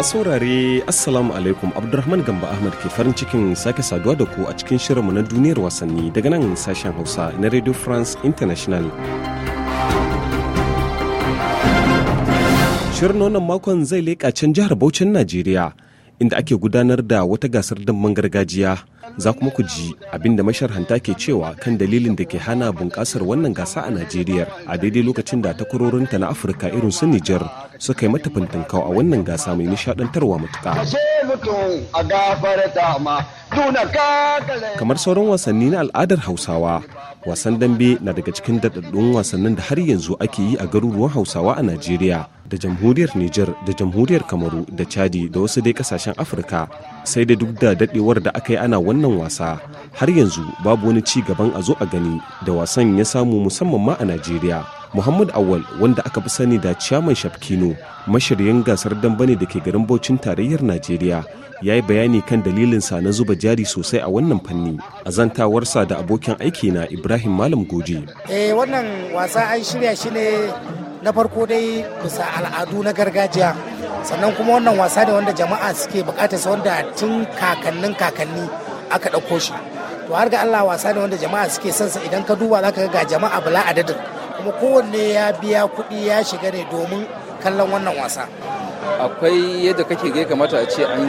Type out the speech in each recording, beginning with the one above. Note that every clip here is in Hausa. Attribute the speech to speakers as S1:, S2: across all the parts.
S1: masu saurare assalamu alaikum abdulrahman gamba ahmad ke farin cikin sake saduwa da ku a cikin shirinmu na duniyar wasanni daga nan sashen hausa na radio france international shirin wannan makon zai leƙa can jihar Bauchin Najeriya inda ake gudanar da wata gasar damben gargajiya za kuma ku ji abinda da masharhanta ke cewa kan dalilin da ke hana bunƙasar wannan gasa a najeriya a daidai lokacin da takwarorinta na afirka irin su nijar suka yi mata fintinkau a wannan gasa mai nishadantarwa matuƙa. kamar sauran wasanni na al'adar hausawa wasan dambe na daga cikin daɗaɗɗun wasannin da har yanzu ake yi a garuruwan hausawa a najeriya da jamhuriyar niger da jamhuriyar kamaru da chadi da wasu dai ƙasashen afirka sai da duk da daɗewar da aka yi ana wannan wasa har yanzu babu wani ci gaban a zo a gani da wasan ya samu musamman ma a najeriya muhammad awal wanda aka fi sani da ciyaman shafkino mashiryin gasar dambe ne da ke garin baucin tarayyar najeriya ya yi bayani kan dalilinsa na zuba jari sosai a wannan fanni a zantawarsa da abokin aiki na ibrahim malam goje
S2: eh wannan wasa an shirya shi ne na farko dai bisa al'adu na gargajiya sannan kuma wannan wasa ne wanda jama'a suke bukatar wanda tun kakannin kakanni aka ɗauko shi to har ga allah wasa ne wanda jama'a suke son sa idan ka duba zaka ga jama'a bala adadin kuma kowanne ya biya kuɗi ya shiga ne domin kallon wannan wasa
S3: akwai yadda kake ga kamata a ce an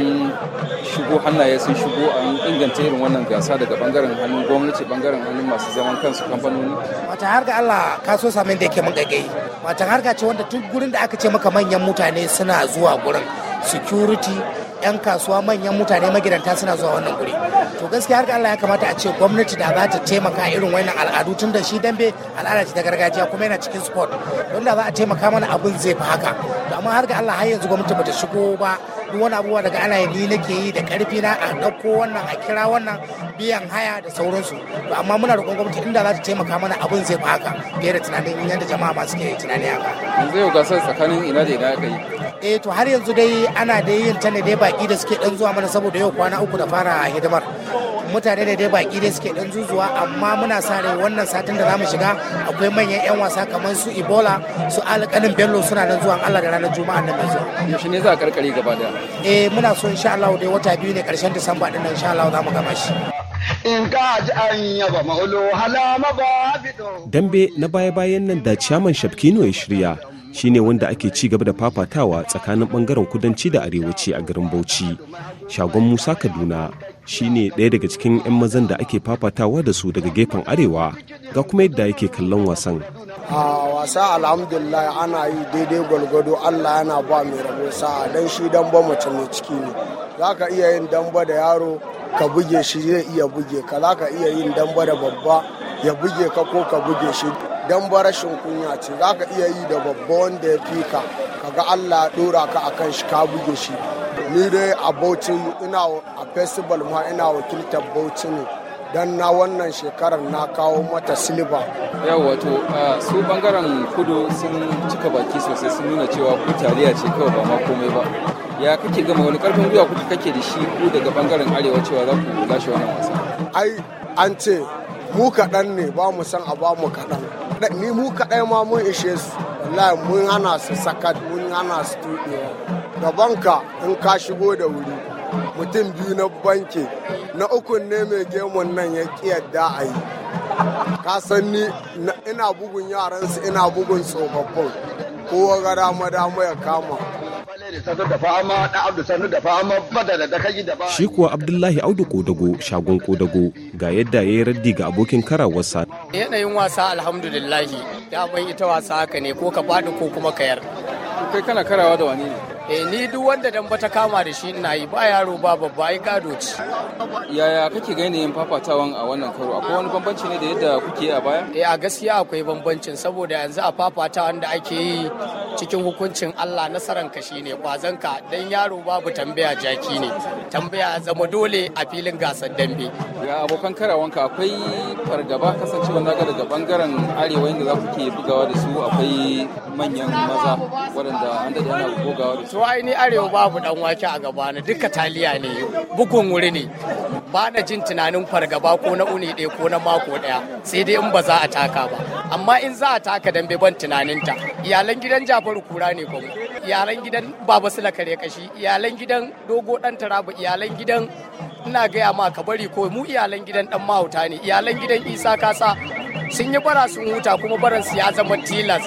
S3: shigo hannaye sun shigo an inganta irin wannan gasa daga bangaren hannun gwamnati bangaren hannun masu zaman kansu kamfanoni
S2: wata har ga Allah ka so samin da yake mun gaggai wata har ga ce wanda tun gurin da aka ce maka manyan mutane suna zuwa gurin security 'yan kasuwa manyan mutane magidanta suna zuwa wannan guri to gaskiya har Allah ya kamata a ce gwamnati da za ta taimaka irin wannan al'adu tun da shi dambe al'ada ce ta gargajiya kuma yana cikin sport don da za a taimaka mana abun zai fi haka to amma har ga Allah har yanzu gwamnati bata shigo ba duk wani abubuwa daga ana ni nake yi da karfi na a ɗauko wannan a kira wannan biyan haya da sauransu to amma muna roƙon gwamnati inda za ta taimaka mana abin zai baka fiye da tunanin yadda jama'a masu ke tunani haka
S3: yanzu yau gasar tsakanin ina da ina aka yi
S2: eh to har yanzu dai ana da yin ta ne dai baki da suke dan zuwa mana saboda yau kwana uku da fara hidimar mutane da dai baki dai suke dan zuzuwa amma muna sa da wannan satin da zamu shiga akwai manyan yan wasa kamar su Ebola su alƙalin Bello suna nan zuwa Allah da ranar Juma'a nan zuwa yaushe ne za a karkare gaba da eh muna so insha Allah dai wata biyu ne karshen Disamba din nan insha Allah zamu gama shi
S1: in ka ji an yaba maulo hala ba dambe na baya-bayan nan da Chairman Shafkino ya shirya shine wanda ake ci gaba da fafatawa tsakanin bangaren kudanci da arewaci a garin Bauchi shagon Musa Kaduna shine ɗaya daga cikin 'yan mazan da ake fafatawa da su daga gefen arewa ga kuma yadda yake kallon wasan
S4: a wasa alhamdulillah ana yi daidai gwalgwado allah yana ba mai rabo sa'a don shi damba mace mai ciki ne za ka iya yin damba da yaro ka buge shi zai iya buge ka za ka iya yin damba da babba ya buge ka ko ka buge shi damba rashin kunya ce za ka iya yi da babba wanda ya fi ka ka ga allah ya ɗora ka akan shi ka buge shi ni dai a bauchi ina a festival ma ina wakiltar bauchi ne don na wannan shekarar na kawo mata silba yau wato
S3: su bangaren kudu sun cika baki sosai sun nuna cewa ku taliya ce kawai ba ma komai ba ya kake gama wani
S4: karfin gwiwa kuka kake da shi ku daga bangaren arewa cewa za ku lashe wannan wasa ai an ce mu kaɗan ne ba mu san a ba mu kaɗan ni mu kaɗai ma mun ishe su wallahi mun hana su sakat mun hana su tuɗewa gabanka in ka shigo da wuri mutum biyu na banki na ukun ne mai gemun nan ya yadda a yi ka san ni ina bugun yaransu ina bugun tsofaffin kowa ga dama dama ya kama
S1: Shi kuwa Abdullahi Audu Kodago shagon Kodago ga yadda ya yi raddi ga abokin karawarsa.
S5: Yanayin wasa alhamdulillahi daman ita wasa haka ne ko ka bada ko kuma kayar. Kai kana karawa da wani ne? E ni duk wanda damba ta kama da shi ina yi ba yaro ba babba ai gado ci
S3: yaya kake ga yin fafatawan a wannan karo akwai wani bambanci ne da yadda kuke a baya
S5: eh a gaskiya akwai bambancin saboda yanzu a fafatawan da ake yi cikin hukuncin Allah nasaranka shine kwazanka dan yaro babu tambaya jaki ne tambaya zama dole a filin gasar dambe ga abokan karawanka
S3: akwai fargaba kasancewa naga daga bangaren arewa inda za ku ke bugawa da su akwai
S5: manyan maza waɗanda an da ana bugawa da su to ai ni arewa babu dan wake a gaba na duka taliya ne bugun wuri ne ba na jin tunanin fargaba ko na uni ɗaya ko na mako ɗaya sai dai in ba za a taka ba amma in za a taka dambe ban tunaninta iyalan gidan jafaru kura ne kuma iyalan gidan baba sula kare kashi iyalan gidan dogo dan taraba iyalan gidan ina gaya ma ka bari ko mu iyalan gidan dan mahauta ne iyalan gidan isa kasa sun yi bara sun huta kuma baransu ya zama tilas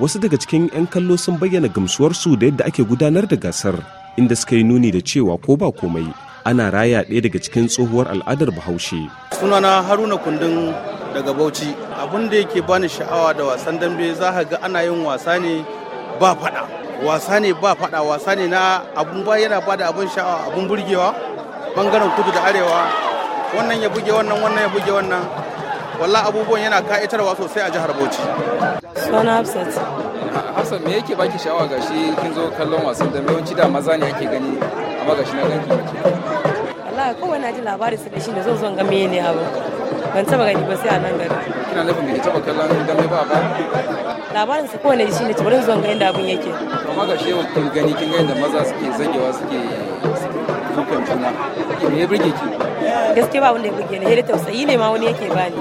S1: wasu daga cikin 'yan kallo sun bayyana gamsuwarsu da yadda ake gudanar da gasar inda suka yi nuni da cewa ko ba komai ana raya ɗaya daga cikin tsohuwar al'adar bahaushe
S6: sunana haruna kundin
S3: daga bauchi abin da yake bani sha'awa da wasan dambe za ka ga ana yin wasa ne ba fada wasa ne ba fada wasa ne na abun ba yana bada abun sha'awa abun burgewa bangaren kudu da arewa wannan ya buge wannan wannan ya buge wannan wallah abubuwan yana ka'itarwa sosai a jihar Bauchi. Suna Hafsat. Hafsat me yake baki sha'awa ga shi kin zo kallon wasan da yawanci da maza ne ake gani amma ga shi na ganki mace. Wallahi kowa na ji labari su da shi da zo zon game ne abu. Ban taba gani ba sai a nan gari. Kina nufin da ki taba kallon dan ba ba? Labarin sa kowane shi ne ta bari zuwan ga da abun yake. Amma ga shi yau kin gani kin gani da maza suke zangewa suke dukan juna. Me ya birge ki? gaske ba wanda ya buge ni da tausayi ne ma wani yake bani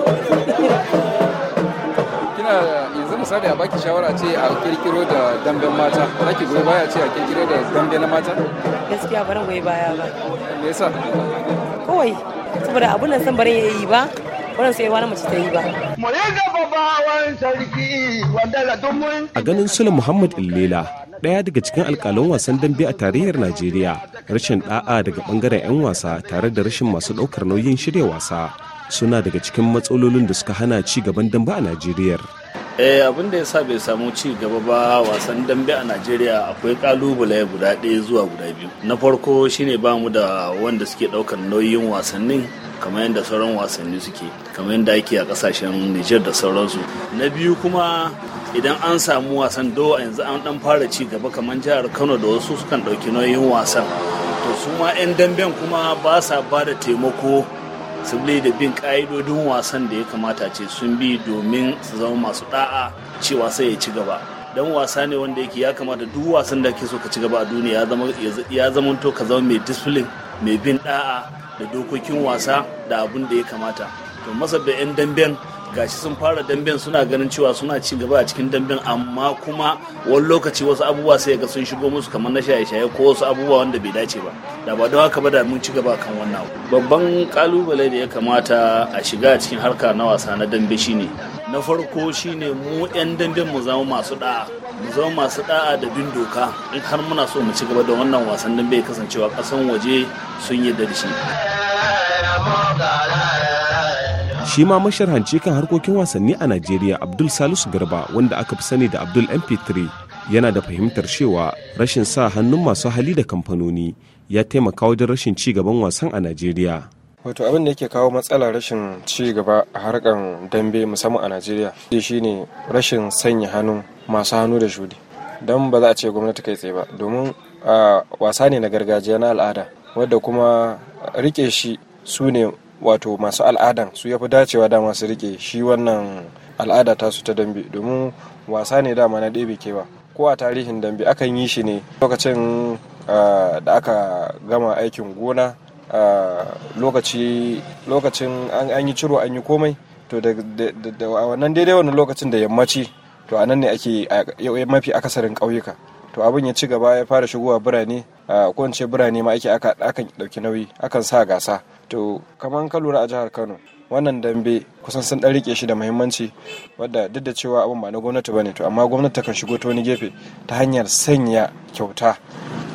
S3: kina yanzu misali a baki shawara ce a kirkiro da damben mata zaki goyi baya ce a kirkiro da dambe na mata gaskiya barin goyi baya ba me yasa kawai saboda abun nan san barin yayi ba wannan sai wani mace ta yi ba.
S1: A ganin Sule Muhammad Illela ɗaya daga cikin alƙalan wasan dambe a tarayyar najeriya rashin ɗa'a daga ɓangaren 'yan wasa tare da rashin masu ɗaukar nauyin shirya wasa suna daga cikin matsalolin da suka hana ci gaban dambe a najeriya
S7: eh abin da yasa bai samu ci gaba ba wasan dambe a najeriya akwai kalubale guda ɗaya zuwa guda biyu na farko shine ba mu da wanda suke ɗaukar nauyin wasannin kamar yadda sauran wasanni suke kamar yadda ake a kasashen nijar da sauransu na biyu kuma idan an samu wasan do yanzu an dan fara ci gaba kamar jihar kano da wasu sukan dauki nauyin wasan to su ma 'yan damben kuma ba sa ba da taimako sabili da bin ƙa'idodin wasan da ya kamata ce sun bi domin su zama masu da'a cewa sai ya ci gaba dan wasa ne wanda yake ya kamata duk wasan da ke so ka ci gaba a duniya ya zama to ka zama mai discipline mai bin da'a da dokokin wasa da abin da ya kamata to masa da 'yan damben gashi sun fara damben suna ganin cewa suna ci gaba a cikin damben amma kuma wani lokaci wasu abubuwa sai ga sun shigo musu kamar na shaye-shaye ko wasu abubuwa wanda bai dace ba da ba don haka ba da mun ci gaba kan wannan babban kalubale da ya kamata a shiga cikin harka na wasa na dambe shine na farko shine mu 'yan damben mu zama masu da'a mu zama masu da'a da bin doka in har muna so mu ci gaba da wannan wasan dambe kasancewa kasan waje sun yi da shi
S1: shi ma masharhanci kan harkokin wasanni a najeriya abdul salisu garba wanda aka fi sani da abdul mp3 yana da fahimtar cewa rashin sa hannun masu hali da kamfanoni ya taimaka wajen rashin ci gaban wasan a najeriya
S6: wato abin da yake kawo matsala rashin ci gaba a harkar dambe musamman a najeriya shine rashin sanya hannu masu hannu da shudi don ba za a ce gwamnati kai tsaye ba domin ah, wasa ne na gargajiya na al'ada wadda kuma rike shi su ne wato masu al'adan su ya fi dacewa dama su rike shi wannan al'ada ta su ta dambe domin wasa ne dama na ɗebe ba ko a tarihin dambe akan yi shi ne lokacin da aka gama aikin gona lokacin an yi ciro an yi komai to da wannan daidai wannan lokacin da yammaci to a nan ne ake mafi akasarin ƙauyuka to abin ya ci gaba ya fara shigowa birane ko ce birane ma ake akan ɗauki nauyi akan sa gasa to kamar ka lura a jihar kano wannan dambe kusan sun dan rike shi da muhimmanci wadda duk da cewa abin ba na gwamnati bane to amma gwamnati kan shigo ta wani gefe ta hanyar sanya kyauta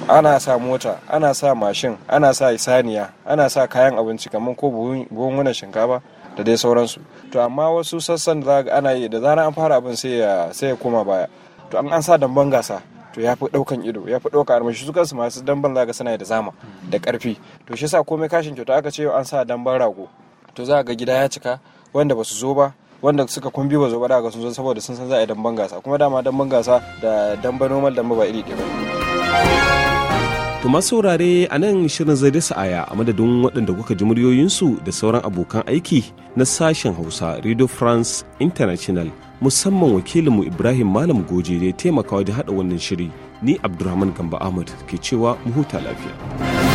S6: ana sa mota ana sa mashin ana sa saniya ana sa kayan abinci kamar ko buhun wani shinkafa da dai sauransu to amma wasu sassan da ana yi da zana an fara abin sai ya koma baya to an an sa damban gasa to ya fi ɗaukan ido ya fi ɗauka armashi su kansu masu damban za suna da zama da karfi to shi sa komai kashin kyauta aka ce an sa damban rago to za ga gida ya cika wanda ba zo ba wanda suka kumbi ba zo ba daga sun zo saboda sun san za a yi damban gasa kuma dama damban gasa da damba normal damba ba iri ɗaya ba.
S1: To masu a nan shirin zai da sa'aya a madadin waɗanda kuka ji muryoyinsu da sauran abokan aiki na sashen Hausa Radio France International. musamman wakilinmu ibrahim malam goje da ya taimaka wajen haɗa
S7: wannan shiri ni abdulrahman gamba ahmad ke cewa mu huta lafiya.